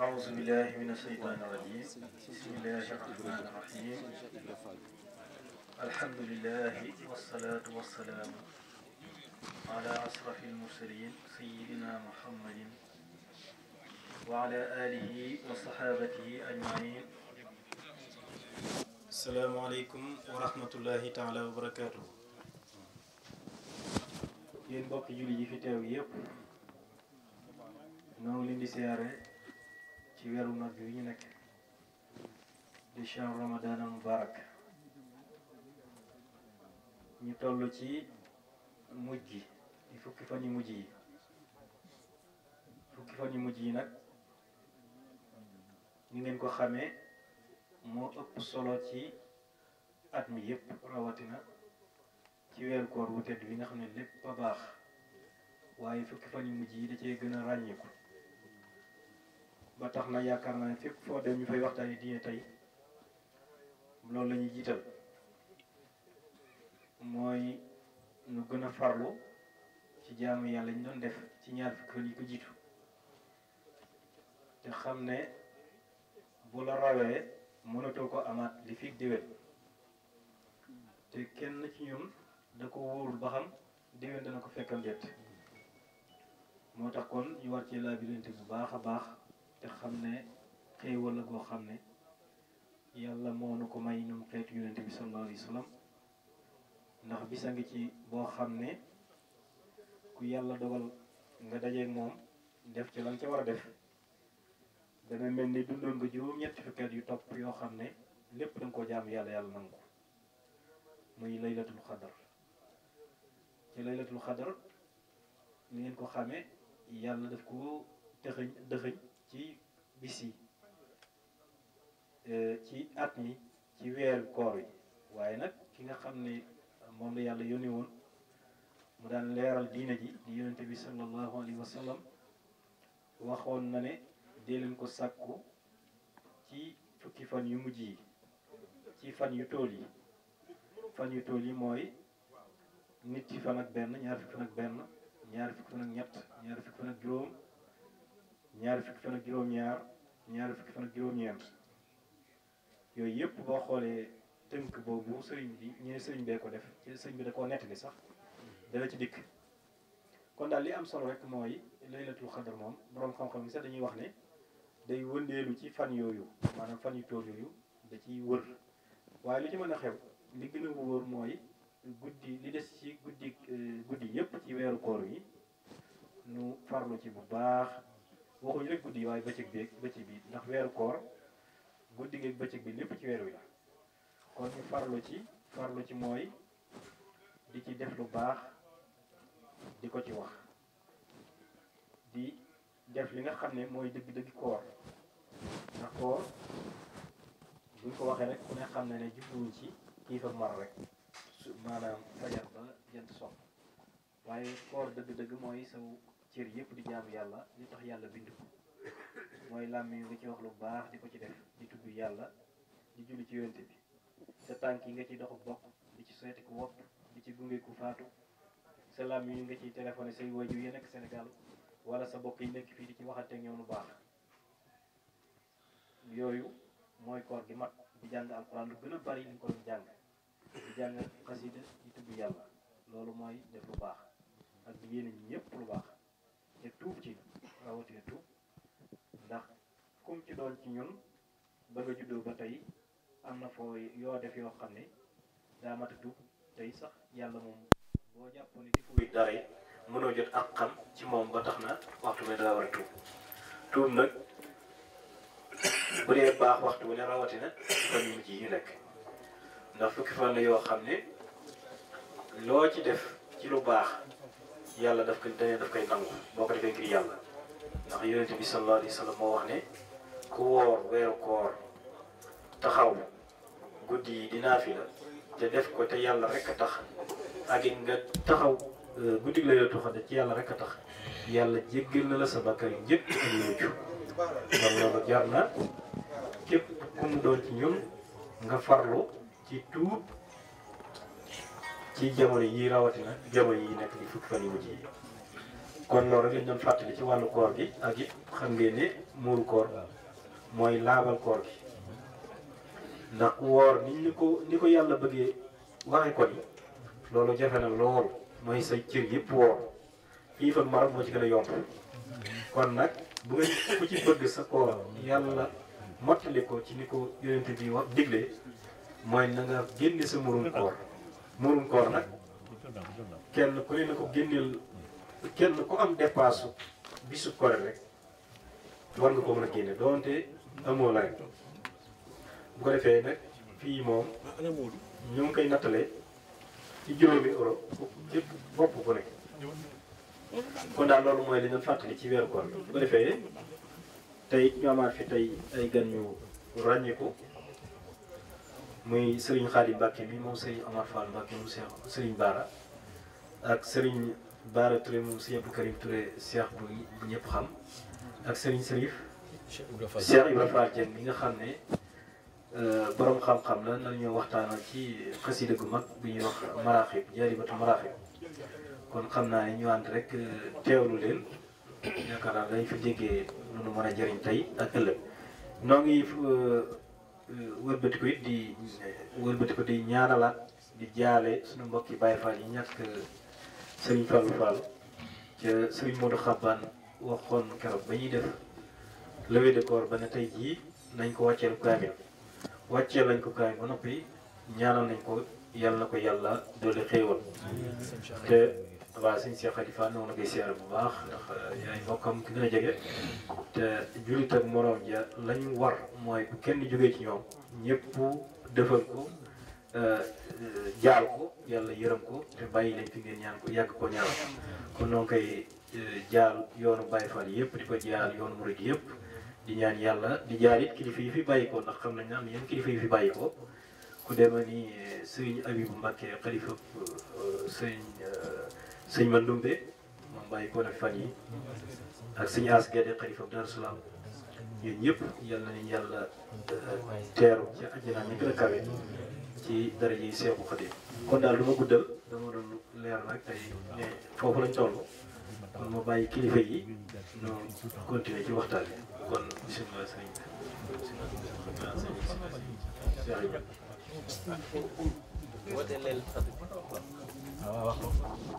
أعوذ بالله من الشيطان الرجيم بسم الله الرحمن الرحيم الحمد لله والصلاة والسلام على أشرف المرسلين سيدنا محمد وعلى آله وصحابته أجمعين السلام عليكم ورحمة الله تعالى وبركاته yéen mbokk julli yi fi teew yépp noo ngi leen di siyaare weeru mag bi ñu nekk di shahr ramadan al mubarak ñu toll ci mujj gi di fukki fan yu mujj yi fukki fan yu mujj yi nag ni ngeen ko xamee moo ëpp solo ci at mi yëpp rawatina ci weer koor wu tedd bi nga xam ne lépp a baax waaye fukki fan yu mujj yi da cee gën a ràññeeku ba tax na yaakaar naa ni fépp foo dem ñu fay di diine tey loolu la ñuy jiital mooy nu gën a farlu ci jaamu yàlla ñu doon def ci ñaar fukki fan yi ko jiitu te xam ne bu la rawee mënatoo ko amaat li fi déwén te kenn ci ñun da ko wóorul ba xam déwén dana ko fekkam jett moo tax kon ñu war ci laabilante bu baax a baax te xam ne xéewal la goo xam ne yàlla moo nu ko may ñun xeetu yonente bi sallallahu alayhi wa sallam ndax bisa ngi ci boo xam ne ku yàlla dogal nga dajeeg moom def ci lan ca war a def dana mel ni dundoon nga juróom-ñetti fukki at yu topp yoo xam ne lépp danga koo jaam yàlla yàlla nangu muy laylatul xadar ci laylatul xadar ni ngeen ko xamee yàlla daf ko dëxëñ dëxëñ ci bis yi eh, ci at mi ci weeru koor yi waaye nag ki nga xam ne moom la yàlla yónni woon mu daan leeral diine ji di yonente bi sallallahu alayhi wa waxoon na ne dee leen ko sàkku ci fukki fan yu mujj yi ci fan yu tool yi fan yu tool yi mooy nit fan ak benn ñaar fukki fan ak benn ñaar fukki fan ak ñett ñaar fukki fan ak juróom ñaari fukki fan juróom-ñaar ñaari fukki fan ak juróom-ñeent yooyu yëpp boo xoolee tënk boobu sëriñ bi ñee sëriñ bee ko def ci sëriñ bi da koo nettali sax dana ci dikk kon daal li am solo rek mooy laylatul xadar moom borom xam-xam yi sax dañuy wax ne day wëndeelu ci fan yooyu maanaam fan yu toog yooyu da ci wër waaye lu ci mën a xew li gën a wóor mooy guddi li des ci guddi guddi yëpp ci weeru koor yi nu farlu ci bu baax waxuñ rek guddi yi waaye bëccëg bi bëccëg bi ndax weeru koor guddi gi ak bëccëg bi lépp ci weer wi la kon ñu farlu ci farlu ci mooy di ci def lu baax di ko ci wax di def li nga xam ne mooy dëgg-dëgg koor ndax koor buñ ko waxee rek ku ne xam ne ne jubluwuñ ci kii fa mar rek maanaam fajar ba jant sopp waaye koor dëgg-dëgg mooy saw cër yëpp di jaamu yàlla li tax yàlla bind ko mooy làmmiñ nga ci wax lu baax di ko ci def di tudd yàlla di julli ci yonte bi sa tànk yi nga ciy doxu bokk di ci seeti ku wopp di ci gunge ku faatu sa làmmiñ nga ciy téléphoné say waajur yi nekk Sénégal wala sa bokk yi nekk fii di ci waxante ak ñoom lu baax yooyu mooy koor gi mag di jàng alxuraan lu gën a bari li ko doon jàng di jàng xasida di tudd yàlla loolu mooy def lu baax ak di yéene ñi ñëpp lu baax ci tuub ci rawatina tuub ndax kum ci doon ci ñun ba nga juddoo ba tey am na foo yoo def yoo xam ne daa mat a tuub tey sax yàlla moom boo jàppoon ne ci dara yi mënoo jot ak xam ci moom ba tax na waxtu bi daa war a tuub tuub nag bu dee baax waxtu bu ne rawatina fan yu mujj yi nekk ndax fukki fan yoo xam ne loo ci def ci lu baax yàlla daf koy dañoo daf koy boo ko defee ngir yàlla ndax yonent bi sallallahu alayhi moo wax ne ku woor weeru koor taxaw guddi yi dinaa fi la te def ko te yàlla rek a tax ak it nga taxaw euh, guddi la yoo xam ne ci yàlla rek a tax yàlla jéggal na la sa bakkar yi yëpp ak jar na képp ku doon ci ñun nga farlu ci tuub. ci jamono yii rawatina jamono yii nag di fukki fan kon loolu rek lañ doon fàttali ci wàllu koor gi ak it xam ngeen ne muuru koor mooy laabal koor gi ndax woor ni ñu ko ni ko yàlla bëggee waxe ko ni loolu jafe na lool mooy sa cër yëpp woor xiif ak maram moo ci gën yomb kon nag bu ku ci bëgg sa koor yàlla mottali ko ci ni ko digle mooy na nga génne sa murum koor murum koor nag kenn ku ne na ko génneel kenn ku am dépasse bisu koor rek war nga ko mën a génne doonte amoo lay bu ko defee nag fii moom ñu ngi koy nattalee ci juróomi euro képp bopp ku nekk kon daal loolu mooy li ñu fàttali ci weeru koor bu ko defee tey ñu amaat fi tey ay gan ñu ràññiku muy Serigne Khady Mbacke bi moom Serigne Amar Fall Mbacke moom Serigne Baara ak Serigne Baara Touré moom Serigne Abdou Karim Touré Cheikh bu ñëpp xam ak sëriñ Serigne Serif Cheikh Ibrahima Fall Dieng bi nga xam ne euh, borom xam-xam la ñu waxtaan waxtaanal ci xasida gu mag bu ñuy wax maraaxib jaaribatu maraaxib kon xam naa ne ñu ànd rek euh, teewlu leen yaakaar naa dañ fi déggee lu nu a jëriñ tey ak ëllëg noo ngi euh, wëlbati ko it di wëlbati ko di ñaanalaat di jaale suñu mbokki Baye Fall yi ñàkk Serigne Fallou Fall ca Serigne Modou Xaban waxoon keroog ba ñuy def levée de corps ba ne tey jii nañ ko wàcceel kaamil wàccee lañ ko kaamil ba noppi ñaanal nañ ko yàlla na ko yàlla doole xéewal te waaw sëñ Cheikh Khalifa noonu la koy seere bu baax ndax yaay mbokkam ki gën a jege te jullit ak moroom ja lañu war mooy bu kenn jógee ci ñoom ñëpp defal ko euh, jaal ko yàlla yërëm ko te bàyyi leen fi ngeen ñaan ko yàgg ko ñaan kon noonu koy euh, jaal yoonu Baay Faal yëpp di ko jaal yoonu murid yëpp di ñaan yàlla di jaal kilifa yi fi bàyyi ko ndax xam nañ ne am kilifa yi fi bàyyi ko ku dema ni sëñ Abibu Mbàkke xalifa sëñ sëñ Mandumbe bàyyi ko nag fan yi ak suñu as gede xalifa Daaru Salaam ñun ñëpp yal nañu yàlla euh, teeru ci àjjana ñu gën a kawe ci daraja yi Seexu Xaadim kon daal du ma guddal dama doon leer nag tey ne foofu lañ toll kon ma bàyyi kilifa yi ñu continuer ci waxtaan bi kon bisimilah sëriñ bi.